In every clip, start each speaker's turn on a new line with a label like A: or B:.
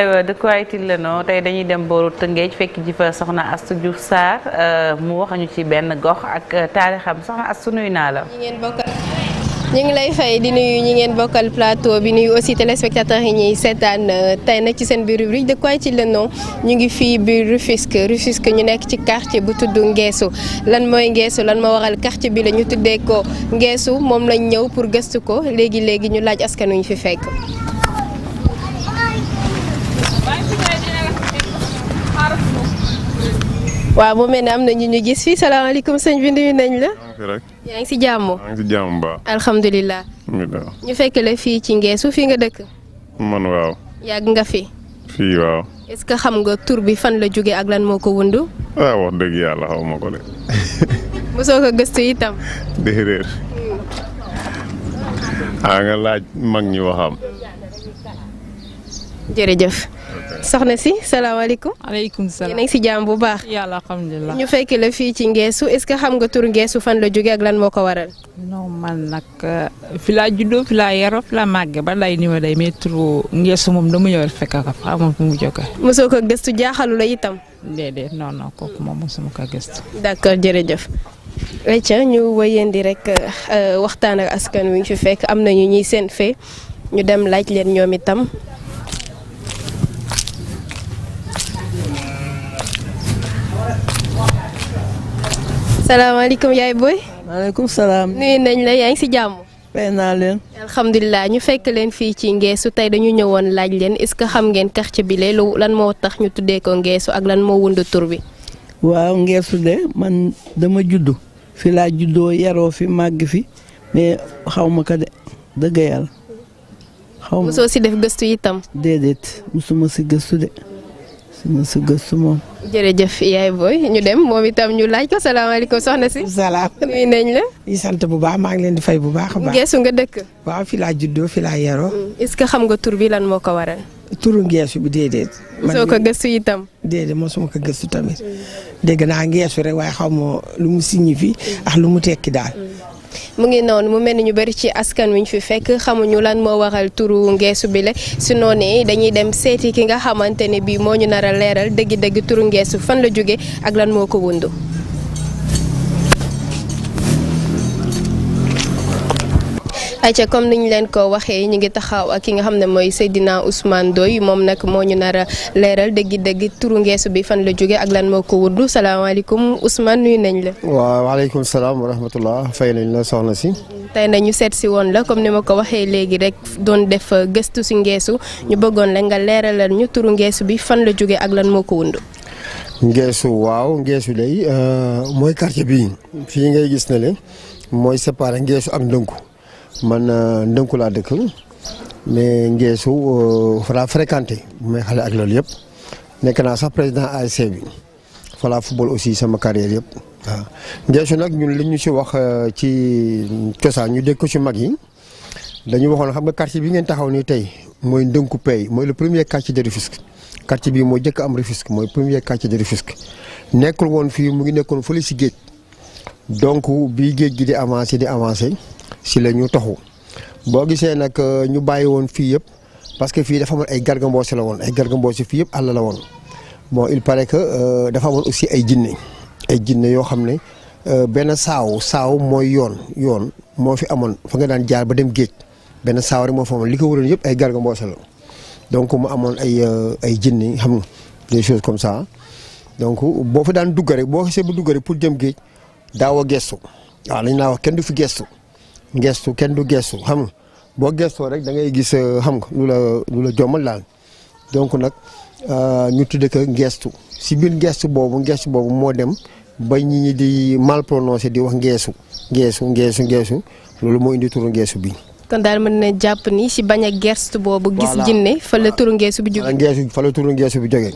A: aywa dëkkuwaay Tileno tey dañuy dem booru Tëngéej fekk ji fa soxna Astou Diouf Sarr euh, mu waxañu ci benn gox ak euh, xam soxna Astou nuyu naa la.
B: ñu ngi lay fay di nuyu ñi ngeen bokkal plateau bi nuyu aussi téléspectateurs yi ñuy seetaan euh, tey nag ci seen biir rubrique dëkkuwaay ci Tileno ñu ngi fii biir Rufisque Rufisque ñu nekk ci quartier bu tudd Ngeesu lan mooy Ngeesu lan moo waxal quartier bi la ñu tuddee ko Ngeesu moom lañ ñëw pour gëstu ko léegi léegi ñu laaj askan wi ñu fi fekk. waa mu mel am na ñu ñu gis fii salaamaaleykum sëñ bi nuyu nañ la. yaa ngi si jàmm.
C: yaa ngi si jàmm ba.
B: ñu fekk la fii ci Ngeesu fii nga dëkk. man waaw. yàgg nga fi. fii waaw. est-ce que xam nga tur bi fan la jóge ak lan moo ko wundu.
C: ah wax dëgg yàlla xaw ma ko de.
B: mosoo ko gëstu itam.
C: déedéet. Hmm. ah laaj mag ñi waxam.
B: jërëjëf. soxna si salaamaaleykum. aleykum salaam yéen a si jàmm bu baax. yàlla alhamdulilah ñu fekk la fii ci Ngeesu est ce que xam nga tur Ngeesu fan la jógee ak lan moo ko waral. non man nag euh,
A: filaa juddoo filaa laa yaroo fi laa màggee ba lay ni ma day mais turu Ngeesu moom dama ñëw fekk ko fa xamul fu mu jógee.
B: mosoo ko gëstu jaaxalu la itam. déedéet non non kooku moom mosuma ko gëstu. d' accord jërëjëf. Aïcha ñu wëyandi rek euh, waxtaan ak askan wi ñu fi fekk am na ñu ñuy seen fee ñu dem laaj leen ñoom itam salaamaaleykum yaay booy. maaleykum salaam. nuyu nañ la yaa ngi si jàmm. fay naa leen. alhamdulilah ñu fekk leen fii ci Ngeesu tey dañu ñëwoon laaj leen est-ce que xam ngeen quartier bi lee lan moo tax ñu tuddee ko Ngeesu ak lan moo wund tur bi.
A: waaw Ngeesu de man dama juddu fi laa juddoo yaroo fi màgg fi mais xaw ko de dëgg yàlla. xaw ma mosoo si def
B: gëstu itam.
A: déedéet mosuma si gëstu de. su ma su gëstu moom.
B: jërëjëf yaay booy ñu dem moom itam ñu laaj ko salaamaaleykum soxna si. salaam nuyu nañ
C: la. di sant bu baax maa ngi leen di fay bu baax a baax. geesu nga dëkk. waaw fi laa juddoo fi laa yaroo.
B: Mm, est-ce que xam nga tur bi lan moo ko waral.
C: turu geesu bi déedéet. man soo ko gëstu itam. déedéet moom su ma ko gëstu tamit.
B: Mm.
C: dégg naa geesu rek waaye xaw ma lu mu signifie. Mm. ak lu mu tekki daal.
B: mu ngi noonu mu mel na ñu bëri ci askan wi ñu fi fekk xamuñu lan moo waxal turu ngeesu bi la si noonu dañuy dem seeti ki nga xamante ne bii moo ñu nar a leeral dëgg-dëgg turu ngeesu fan la jóge ak lan moo ko wundu ayca comme ni ñu leen ko waxee ñu ngi taxaw ak ki nga xam ne mooy Seydina Ousmane Ndoye moom nag moo ñu nar a leeral dëgg-dëgg turu ngeesu bi fan la jóge ak lan moo ko wundu salaamaaleykum Ousmane nuyu nañ la.
C: waaw waaleykum salaam wa rahmatullah fay nañ la soxna si.
B: tey na ñu seet si woon la comme ni ma ko waxee léegi rek doon def gëstu si ngeesu ñu bëggoon la nga leeralal ñu turu ngeesu bi fan la jóge ak lan moo ko wundu.
C: waaw ngeesu day euh, mooy quartier bi fii ngay gis ne le mooy séparé ngeesu ak ndënku. man euh, ndënku laa dëkk mais ngeesu euh, falaa fréquenté bu may xale ak loolu yëpp nekk naa sax président ASC bi falaa football aussi sama carrière yëpp waaw ngeesu nag ñun li ñu si wax euh, ci cosaan ñu dégg ko si mag yi dañu waxoon xam nga quartier bi ngeen taxaw nii tey mooy ndënku pay mooy le premier quartier de Rufisque quartier bi moo jëkk am Rufisque mooy premier quartier de Rufisque nekkul woon fii mu ngi nekkoon fële si géej donc bi géej gi di avancé di avancé si la ñu toxu boo gisee nag euh, ñu bàyyi woon fii yëpp parce que fii dafa amoon ay gargamboose la woon ay gargamboose fii yëpp àll la woon bon il pare que euh, dafa amoon ay jinne ay jinne yoo xam ne euh, benn saaw saaw mooy yoon yoon moo fi amoon foo nga daan jaar ba dem géej benn saaw rek moo fa amoon li ko waroon yëpp ay gargamboose la donc mu amoon ay ay jinne xam nga des choses comme ça donc boo fi daan dugg rek boo xasee bu dugg rek pour jëm géej daaw a gestu waaw lañ laa wax kenn du fi gestu gestu kenn du gestu xam nga boo gestoo rek da ngay gis euh, xam nga lu la lu la jommal daal donc nag euh, ñu tudde ko gestu si biir gestu boobu gestu boobu moo dem ba ñi ñi di mal prononcé di wax geesu geesu geesu geesu loolu moo indi turu geesu bi.
B: kon daal mën na jàpp ni si bañ a gestu boobu. gis jinne fa la turu bi jógee.
C: geesu fa la turu geesu bi jógee.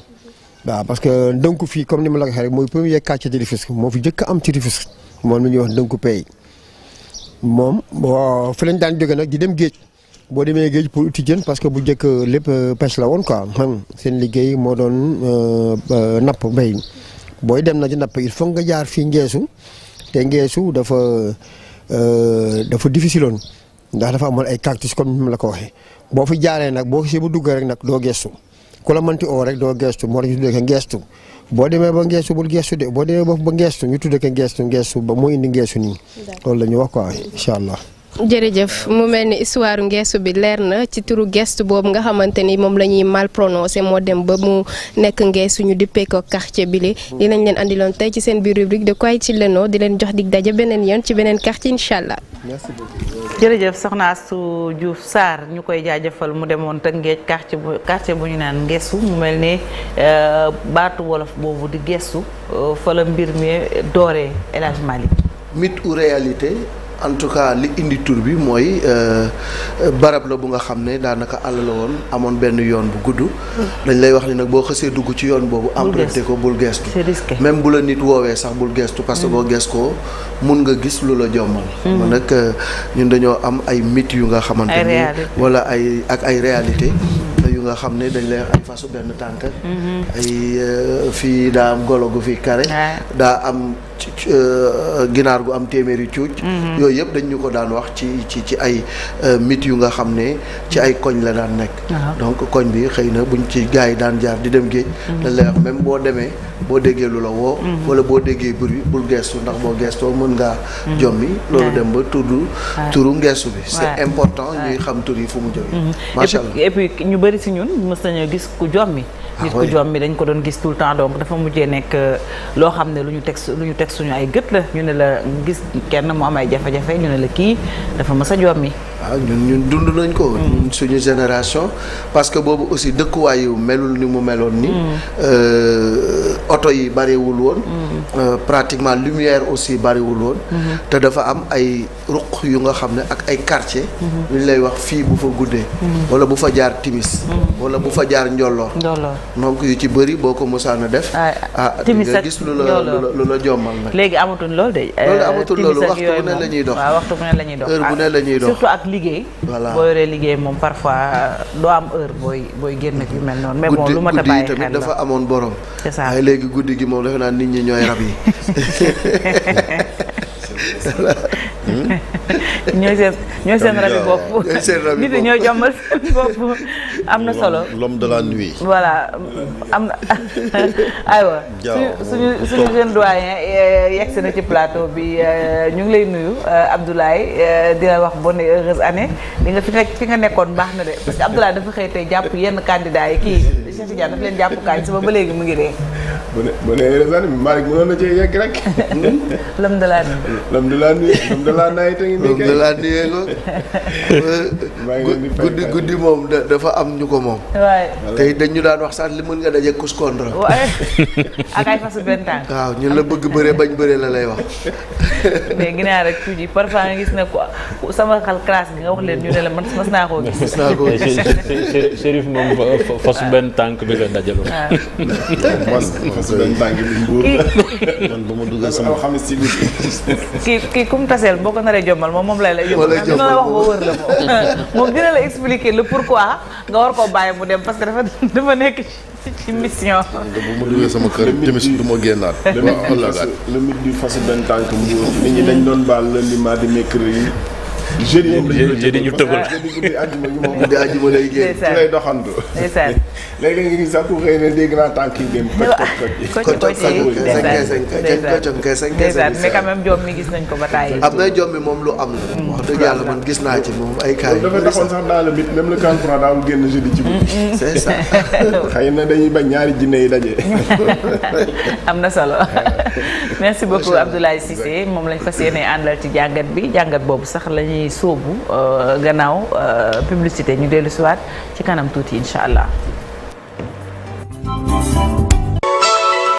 C: waaw parce que ndënku fii comme ni ma la ko waxee rek mooy premier quartier ci Rufisque moo fi jëkk am ci Rufisque moom la ñuy wax ndënku pay moom fi lañ daan jóge nag di dem géej boo demee géej pour uti jën parce que bu njëkk lépp euh, pêche la woon quoi xam seen liggéey moo doon euh, euh, napp mbéy booy dem na ci napp it foog nga jaar fii Ngeesu te Ngeesu dafa dafa difficile woon ndax dafa amoon ay cactus comme ni mu la ko waxee boo fi jaaree nag boo si bu dugg rek nag doo geestu. ku la mënti oo rek doo gestu moo tax ñu tuddee ko gestu boo demee ba gestu bul gestu de boo demee ba ba gestu ñu tuddee ko gestu gestu ba moo indi gestu nii. loolu la ñu wax quoi incha allah.
B: jërëjëf mu mel ni histoire ngeesu bi leer na ci turu gestu boobu nga xamante ni moom la ñuy mal prononcé moo dem ba mu nekk ngeesu ñu duppee ko quartier bi li li lañ leen andiloon tey ci seen biir rubrique de koy ci leno di leen jox dig daje beneen yoon ci beneen quartier incha allah.
D: merci beaucoup.
A: jërëjëf soxna Astou Diouf Sarr ñu koy jaajëfal mu demoon te ngeej quartier bu quartier bu ñu naan ngeesu mu mel ne euh, baatu wolof boobu di gestu euh, fa la mbir mi dooree El Hadj Malick
D: mythe ou en tout cas li indi tur bi mooy euh, euh, barab la bu nga xam ne daanaka àll woon amoon benn yoon bu gudd. dañ lay wax ni nag boo xësee dugg ci yoon boobu. emprunté ko bul geestu même bu la nit woowee sax bul gestu parce que mm. boo ges ko mun nga gis lu la jommal. Mm. man nag euh, ñun dañoo am ay mythes yu nga xamante ni wala ay ak ay réalité mm. yu nga xam ne dañ lay ay fasu benn tànk mm-hmm. ay daa am golo gu fi kare daa am Euh, ginaar gu am téeméeri cuuc mhm. yooyu yëpp dañ ñu ko daan wax ci ci ay euh, mythe yu nga xam ne ci ay koñ la daan nekk donc koñ bi xëy na buñ ci gars yi daan jaar di dem géej mhm. dañ wax même boo demee boo déggee lu la woo mhm. wala boo déggee bruit bul geestu ndax boo geestoo mën ngaa jommi loolu dem ba tudd turu ngeestu bi c'est important ñuy xam tur fu mu jógee macha allah
A: et ñu bëri si ñun mës nañoo gis ku jommi Ah nit ku joom mi dañ ko doon gis tout le temps donc dafa mujjee nekk euh, loo xam ne lu ñu teg lu ñu teg suñu ay gët la ñu ne la gis kenn mu am ay jafe-jafe ñu ne la kii dafa mës a joom mi
D: waaw ñun ñun dund nañ ko. Mm. ñun suñu génération. parce que boobu aussi dëkkuwaay yu melul ni mu meloon ni mm. euh, oto yi bariwul woon. Mm. Euh, pratiquement lumière aussi bariwul woon. Mm-hmm. te dafa am ay ruq yu nga xam ne ak ay quartier mm-hmm. lu ñu lay wax fii bu fa guddee. Mm-hmm. wala bu fa jaar timis. wala bu fa jaar njolloor. donc yu ci bëri boo ko mosaan a def. ah, ah, ah gis lu la lu la jommal nag.
A: léegi amatul lool de. loolu euh, waxtu bu ne la dox. waaw
D: bu ah, ne la dox. liggéey. voilà boo
A: yoree liggéey moom parfois euh, doo am heure booy booy génn ak yu mel noonu. mais bon lu ma bàyyi xel tamit dafa
D: amoon borom. c'est léegi guddi gi moom defe naa nit ñi ñooy rab yi. Hmm? ñooy seen ñooy seen rabi bopp
A: nit ñooy jombal bopp am na solo. l'homme de la nuit. voilà am na aywa. suñu suñu jeune doyen eh, yegsi na ci plateau bi eh, ñu ngi lay nuyu eh, Abdoulaye di la wax bonne et heureuse année li nga fi nekk fi nga nekkoon baax na de parce que Abdoulaye dafa xëy tey jàpp yenn candidat yi kii Cheikh Tidiane dafa leen jàpp kañ suba ba léegi mu ngi dee.
D: bu ne bu nee réseau bi Malick mënoon na cee yegg rek. lam hmm? de la nuyu. lam de la nuyu lam de la naay te ngi nii kay. lam de la nuyu ko. maa ngi leen di fay guddi guddi moom dafa am ñu ko moom. waay tey dañu daan wax sax li mën nga daje kus kontra. waay ak ay fasu benn tànk. waaw ñun la bëgg bëre bañ bëre la lay wax.
A: mais ginaar rek tuuti parfois nga gis ne ko sama xal classe bi nga wax leen ñu ne la man mas naa koo gis. mas naa koo gis.
D: Chérif moom fasu benn tànk bi la dajaloo. su doon bàngi lu nguur man ba ma dugal sama xam si biir
A: boo ko naree jombal moom moom lay lay jombal la wax la moom moom dina la expliquer le pourquoi nga war koo bàyyi mu dem parce que dafa dafa nekk ci mission bu ma duggee sama kër
D: tamit du ma génnaat le mythe du fasu benn tànk mu nit dañ doon baal lundi mardi mercredi jeudi jeudi ñu tëgg la ah, jeudi guddi àjjuma ñu moom di àjjuma lay génn ci lay doxantu léegi nga gis sax ku xëy na dégg naa tànk
A: ko ba tàyyi am na
D: joom mi moom lu am la mm. gis naa ci moom ay kaay dafa taxoon sax dans le mythe même le camp froid daawul génn jeudi ci guddi mm, mm. c'est na dañuy bañ ñaari jinne yi daje
A: am na solo merci beaucoup Abdoulaye Cissé moom lañ fas yéene àndal ci jàngat bi jàngat boobu sax lañuy ñuy sóobu euh, gannaaw euh, publicité ñu dellu siwaat
B: ci kanam tuuti incha allah.